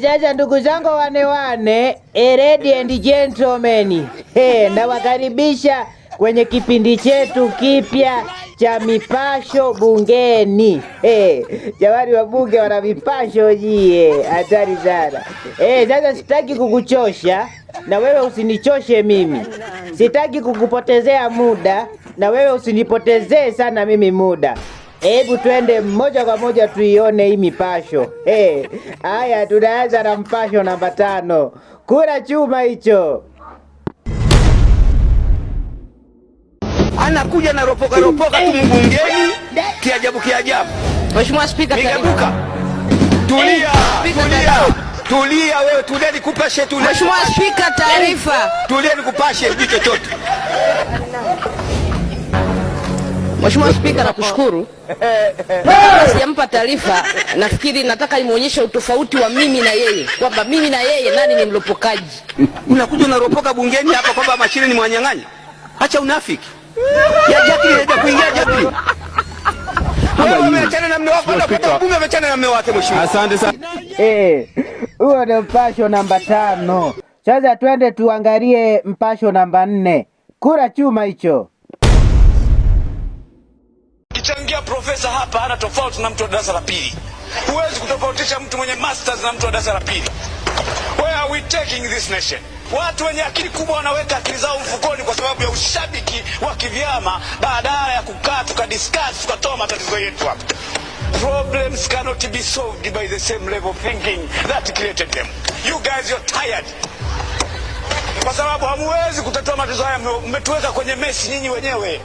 Sasa ndugu zangu e ladies eh, and gentlemen, nawakaribisha kwenye kipindi chetu kipya cha mipasho bungeni. Hey, jamani, wabunge wana mipasho jie, hatari sana. sasa sitaki kukuchosha na wewe usinichoshe mimi, sitaki kukupotezea muda na wewe usinipotezee sana mimi muda. Hebu twende moja kwa moja tuione hii mipasho. Haya, hey, tunaanza na mpasho namba tano. Kura chuma hicho anakuja na ropoka ropoka tu mbungeni, eh, eh. kiajabu kiajabu. Mheshimiwa Spika, Migabuka, eh, tulia, tulia, tulia wewe, tulia nikupashe, tulia. Mheshimiwa Spika, taarifa. Tulia nikupashe, chochote Mheshimiwa Spika, nakushukuru. Sijampa taarifa, nafikiri nataka imuonyeshe utofauti wa mimi na yeye kwamba mimi na yeye nani ni mlopokaji. Unakuja unaropoka bungeni hapa kwamba mashine ni mwanyang'anyi, acha unafiki ya Jacqueline ya kuingia Jacqueline. Huyo ni mpasho namba tano. Sasa twende tuangalie mpasho namba nne. Kura chuma hicho ukishangia profesa hapa ana tofauti na mtu wa darasa la pili. Huwezi kutofautisha mtu mwenye masters na mtu wa darasa la pili. Where are we taking this nation? Watu wenye akili kubwa wanaweka akili zao mfukoni kwa sababu ya ushabiki wa kivyama, badala ya kukaa tukadiscuss tukatoa matatizo yetu hapa. Problems cannot be solved by the same level of thinking that created them. You guys, you're tired kwa sababu hamuwezi kutatua matatizo haya, mmetuweka kwenye mesi nyinyi wenyewe.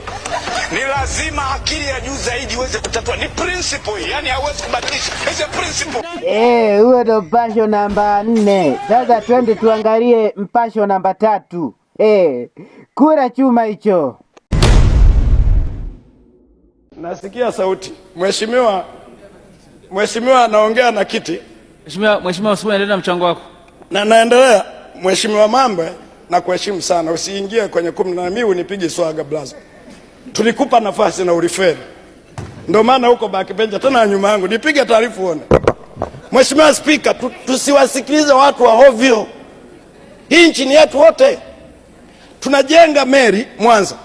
Ni lazima akili ya juu zaidi iweze kutatua, ni principle hii, yani hauwezi kubadilisha, hizo principle. Eh, huyo ndo mpasho namba nne. Sasa twende tuangalie mpasho namba tatu. Eh, kura chuma hicho. Nasikia sauti mheshimiwa, mheshimiwa anaongea na kiti. Mheshimiwa, mheshimiwa, usiendelee na mchango wako na naendelea Mheshimiwa Mambe na kuheshimu sana, usiingie kwenye kumi na mimi unipige swaga blaza, tulikupa nafasi na uliferi, ndio maana huko baki tena nyuma yangu, nipige taarifa uone. Mheshimiwa Spika, tusiwasikilize watu wa hovyo. Hii nchi ni yetu wote. Tunajenga meli Mwanza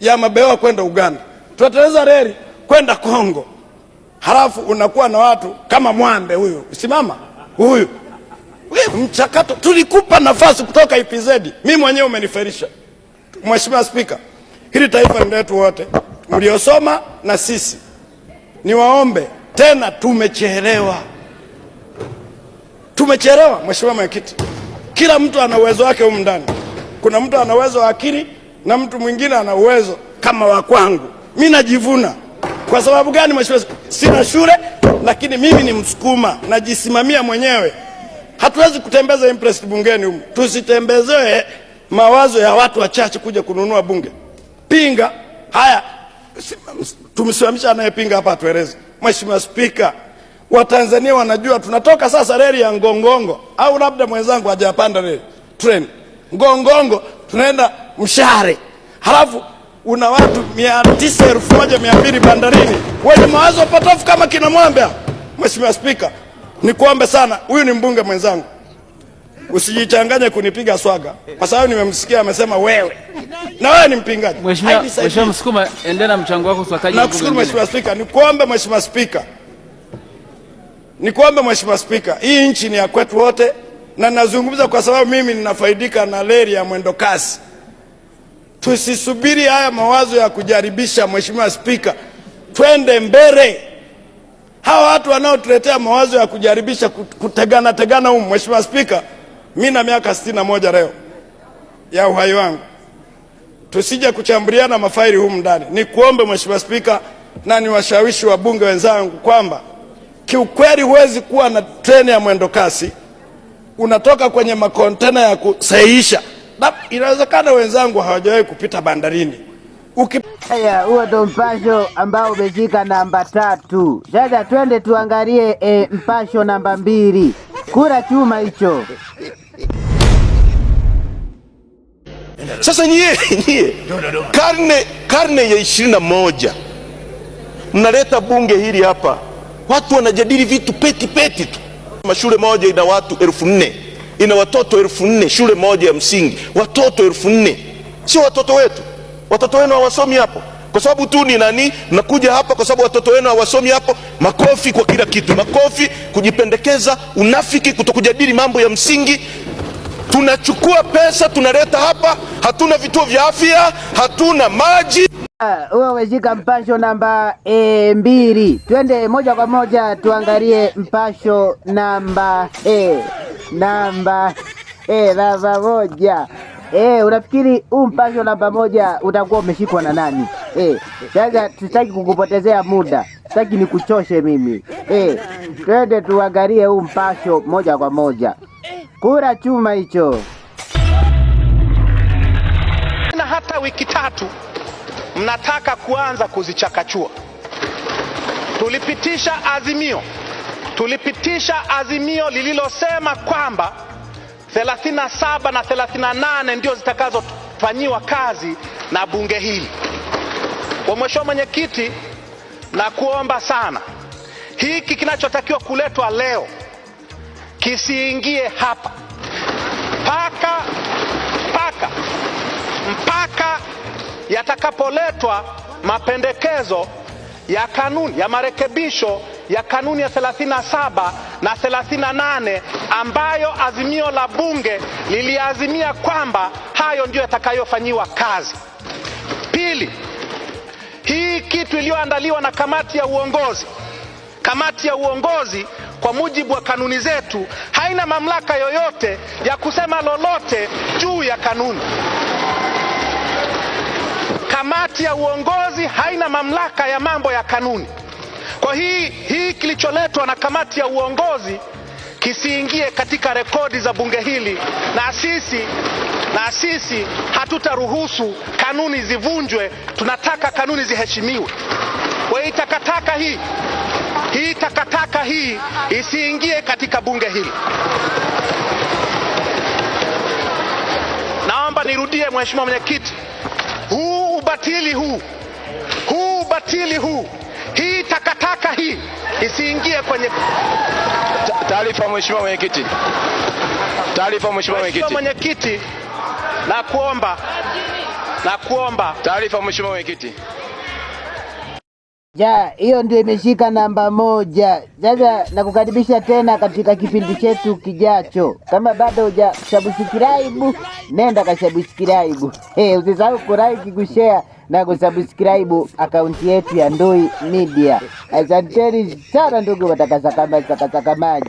ya mabewa kwenda Uganda, tunatengeneza reli kwenda Kongo, halafu unakuwa na watu kama mwambe huyu, simama huyu mchakato tulikupa nafasi kutoka IPZ. Mimi mwenyewe umeniferisha Mheshimiwa Spika, hili taifa ni letu wote mliosoma na sisi. Niwaombe tena, tumechelewa, tumechelewa. Mheshimiwa Mwenyekiti, kila mtu ana uwezo wake humu ndani. Kuna mtu ana uwezo wa akili na mtu mwingine ana uwezo kama wa kwangu. Mimi najivuna kwa sababu gani? Mheshimiwa, sina shule, lakini mimi ni Msukuma, najisimamia mwenyewe. Hatuwezi kutembeza impress bungeni humu, tusitembezee mawazo ya watu wachache kuja kununua bunge. Pinga haya, tumsimamisha anayepinga hapa atueleze. Mheshimiwa Spika, Watanzania wanajua tunatoka sasa reli ya Ngongongo, au labda mwenzangu hajapanda reli train Ngongongo, tunaenda Mshare, halafu una watu mia tisa elfu moja mia mbili bandarini wenye mawazo potofu kama kina Mwambe. Mheshimiwa Spika, Nikuombe sana, huyu ni mbunge mwenzangu, usijichanganye kunipiga swaga, kwa sababu nimemsikia amesema wewe na wewe ni mpingaji. Mheshimiwa Msukuma, endelea mchango wako. Nakushukuru Mheshimiwa Spika. Nikuombe Mheshimiwa Spika, nikuombe Mheshimiwa Spika, hii nchi ni ya kwetu wote, na nazungumza kwa sababu mimi ninafaidika na leri ya mwendo kasi. Tusisubiri haya mawazo ya kujaribisha. Mheshimiwa Spika, twende mbele hawa watu wanaotuletea mawazo ya kujaribisha kutegana tegana humu. Mheshimiwa Spika, mi na miaka sitini na moja leo ya uhai wangu, tusije kuchambuliana mafaili humu ndani. Nikuombe Mheshimiwa Spika na ni washawishi wabunge wenzangu kwamba kiukweli, huwezi kuwa na treni ya mwendokasi unatoka kwenye makontena ya kusahihisha. Inawezekana wenzangu hawajawahi kupita bandarini Haya, huo ndo mpasho ambao umeshika namba tatu. Sasa twende tuangalie e, mpasho namba mbili. Kura chuma hicho. Sasa nyie nyie, karne karne ya ishirini na moja mnaleta bunge hili hapa, watu wanajadili vitu peti peti tu. Mashule moja ina watu elfu nne ina watoto elfu nne shule moja ya msingi, watoto elfu nne sio watoto wetu watoto wenu hawasomi hapo kwa sababu tu ni nani, nakuja hapa kwa sababu watoto wenu hawasomi hapo. Makofi kwa kila kitu, makofi, kujipendekeza, unafiki, kutokujadili mambo ya msingi. Tunachukua pesa tunaleta hapa, hatuna vituo vya afya, hatuna maji. Huyo ah, umeshika mpasho namba e, mbili. Twende moja kwa moja tuangalie mpasho namba e, namba e, namba moja. Eh, unafikiri huu mpango namba moja utakuwa umeshikwa na nani? Eh, sasa sitaki kukupotezea muda, sitaki nikuchoshe mimi. Eh, twende tuangalie huu mpasho moja kwa moja. Kura chuma hicho. Na hata wiki tatu mnataka kuanza kuzichakachua. Tulipitisha azimio, tulipitisha azimio lililosema kwamba 37 na 38 ndio zitakazofanyiwa kazi na bunge hili. Kwa Mheshimiwa Mwenyekiti, nakuomba sana, hiki kinachotakiwa kuletwa leo kisiingie hapa paka paka mpaka yatakapoletwa mapendekezo ya kanuni ya marekebisho ya kanuni ya 37 na 38 ambayo azimio la bunge liliazimia kwamba hayo ndiyo yatakayofanyiwa kazi. Pili, hii kitu iliyoandaliwa na kamati ya uongozi, kamati ya uongozi kwa mujibu wa kanuni zetu haina mamlaka yoyote ya kusema lolote juu ya kanuni. Kamati ya uongozi haina mamlaka ya mambo ya kanuni. Kwa hii hii kilicholetwa na kamati ya uongozi kisiingie katika rekodi za bunge hili, na sisi na sisi hatutaruhusu kanuni zivunjwe. Tunataka kanuni ziheshimiwe. Kwa hii takataka hii hii takataka hii isiingie katika bunge hili. Naomba nirudie, Mheshimiwa Mwenyekiti, huu ubatili huu huu ubatili huu hii takataka hii isiingie kwenye taarifa. Mheshimiwa Mwenyekiti, taarifa. Mheshimiwa Mwenyekiti, Mwenyekiti, na kuomba na kuomba taarifa. Mheshimiwa Mwenyekiti. Ja, hiyo ndio imeshika namba moja. Sasa nakukaribisha tena katika kipindi chetu kijacho. Kama bado huja subscribe, nenda ka subscribe. Eh, usisahau ku like, ku share na ku subscribe akaunti yetu ya Ndui Media. Asanteni sana ndugu watakasakamaji.